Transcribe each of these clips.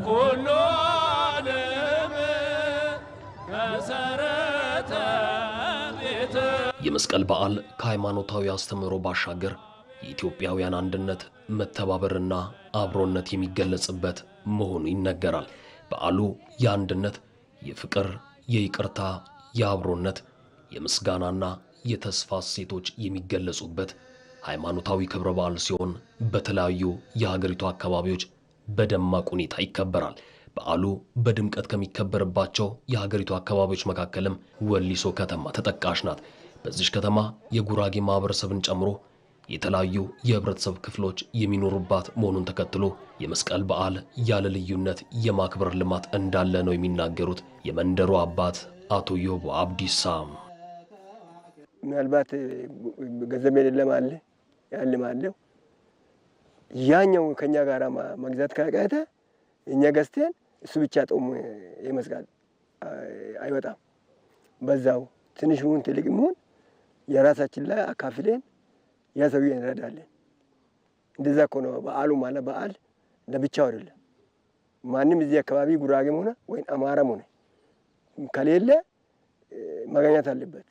ለኩሉ ዓለም መሰረተ ቤት። የመስቀል በዓል ከሃይማኖታዊ አስተምህሮ ባሻገር የኢትዮጵያውያን አንድነት መተባበርና አብሮነት የሚገለጽበት መሆኑ ይነገራል። በዓሉ የአንድነት፣ የፍቅር፣ የይቅርታ፣ የአብሮነት፣ የምስጋናና የተስፋ እሴቶች የሚገለጹበት ሃይማኖታዊ ክብረ በዓል ሲሆን በተለያዩ የሀገሪቱ አካባቢዎች በደማቅ ሁኔታ ይከበራል። በዓሉ በድምቀት ከሚከበርባቸው የሀገሪቱ አካባቢዎች መካከልም ወሊሶ ከተማ ተጠቃሽ ናት። በዚሽ ከተማ የጉራጌ ማህበረሰብን ጨምሮ የተለያዩ የህብረተሰብ ክፍሎች የሚኖሩባት መሆኑን ተከትሎ የመስቀል በዓል ያለ ልዩነት የማክበር ልማት እንዳለ ነው የሚናገሩት የመንደሩ አባት አቶ ዮቦ አብዲሳ። ምናልባት ገንዘብ የሌለም አለ ያልም አለው ያኛው ከኛ ጋር መግዛት ካቃተ እኛ ገዝተን እሱ ብቻ ጦሙ ይመስጋል አይወጣም። በዛው ትንሽ ይሁን ትልቅ ይሁን የራሳችን ላይ አካፍሌን ያ ሰውዬ እንረዳለን። እንደዛ እኮ ነው በዓሉ ማለት በዓል ለብቻው አይደለም። ማንም እዚህ አካባቢ ጉራጌም ሆነ ወይም አማራም ሆነ ከሌለ ማገኘት አለበት።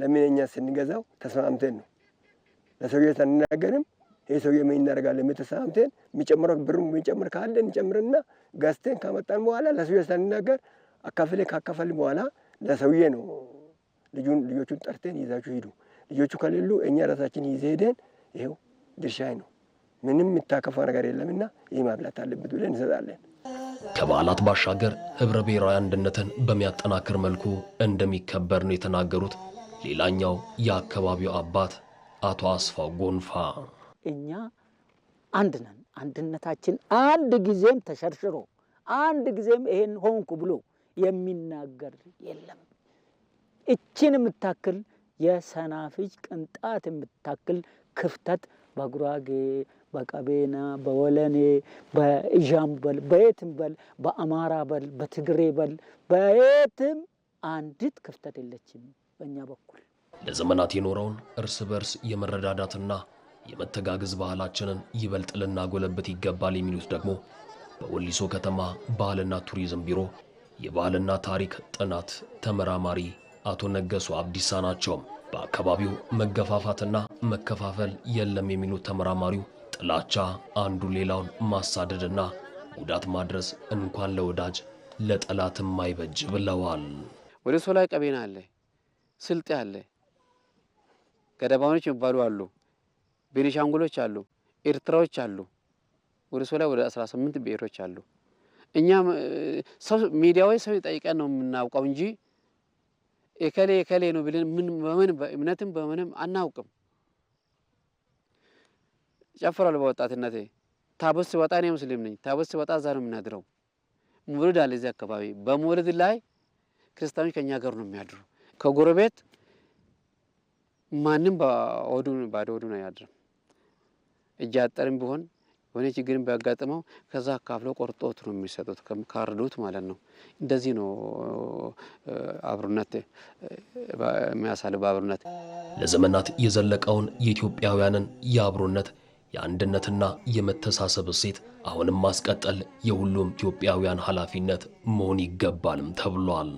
ለምን እኛ ስንገዛው ተስማምተን ነው ለሰውዬ አንናገርም። ይህ ሰው ምን እናደርጋለን? የምትሰምተን የሚጨምረው ብሩ የሚጨምር ካለ እንጨምርና ገዝተን ካመጣን በኋላ ለሰውዬ ሳንናገር አካፍሌ ካካፈልን በኋላ ለሰውዬ ነው ልጁን ልጆቹን ጠርተን ይዛችሁ ሂዱ፣ ልጆቹ ከሌሉ እኛ ራሳችን ይዘ ሄደን ይኸው ድርሻዬ ነው ምንም የምታከፋ ነገር የለምና ይህ ማብላት አለበት ብለን እንሰጣለን። ከበዓላት ባሻገር ኅብረ ብሔራዊ አንድነትን በሚያጠናክር መልኩ እንደሚከበር ነው የተናገሩት ሌላኛው የአካባቢው አባት አቶ አስፋው ጎንፋ እኛ አንድ ነን። አንድነታችን አንድ ጊዜም ተሸርሽሮ አንድ ጊዜም ይሄን ሆንኩ ብሎ የሚናገር የለም። እችን የምታክል የሰናፍጭ ቅንጣት የምታክል ክፍተት በጉራጌ በቀቤና በወለኔ በል በየትም በል በአማራ በል በትግሬ በል በየትም አንዲት ክፍተት የለችም በእኛ በኩል ለዘመናት የኖረውን እርስ በርስ የመረዳዳትና የመተጋገዝ ባህላችንን ይበልጥ ልናጎለብት ይገባል የሚሉት ደግሞ በወሊሶ ከተማ ባህልና ቱሪዝም ቢሮ የባህልና ታሪክ ጥናት ተመራማሪ አቶ ነገሱ አብዲሳ ናቸው። በአካባቢው መገፋፋትና መከፋፈል የለም የሚሉት ተመራማሪው ጥላቻ አንዱ ሌላውን ማሳደድና ጉዳት ማድረስ እንኳን ለወዳጅ ለጠላትም አይበጅ ብለዋል። ወደ ሶላይ ቀቤና አለ፣ ስልጤ አለ፣ ገደባኖች የሚባሉ አሉ። ቤኒሻንጉሎች አሉ፣ ኤርትራዎች አሉ፣ ወደ ሰው ወደ 18 ብሔሮች አሉ። እኛ ሰው ሚዲያዊ ሰው ጠይቀን ነው የምናውቀው እንጂ የከሌ የከሌ ነው ብለን ምን በምን በእምነትም በምንም አናውቅም። ጨፍራል በወጣትነቴ ታቦት ሲወጣ እኔ ሙስሊም ነኝ። ታቦት ሲወጣ እዛ ነው የምናድረው። መውልድ አለ እዚህ አካባቢ። በመውልድ ላይ ክርስቲያኖች ከኛ ጋር ነው የሚያድሩ። ከጎረቤት ማንም ባዶ ባዶ ነው አያድርም። እጅ አጠርም ቢሆን የሆነ ችግርን ቢያጋጥመው ከዛ አካፍሎ ቆርጦት ነው የሚሰጡት ካርዱት ማለት ነው። እንደዚህ ነው አብሮነት የሚያሳል። በአብሩነት ለዘመናት የዘለቀውን የኢትዮጵያውያንን የአብሮነት የአንድነትና የመተሳሰብ እሴት አሁንም ማስቀጠል የሁሉም ኢትዮጵያውያን ኃላፊነት መሆን ይገባልም ተብሏል።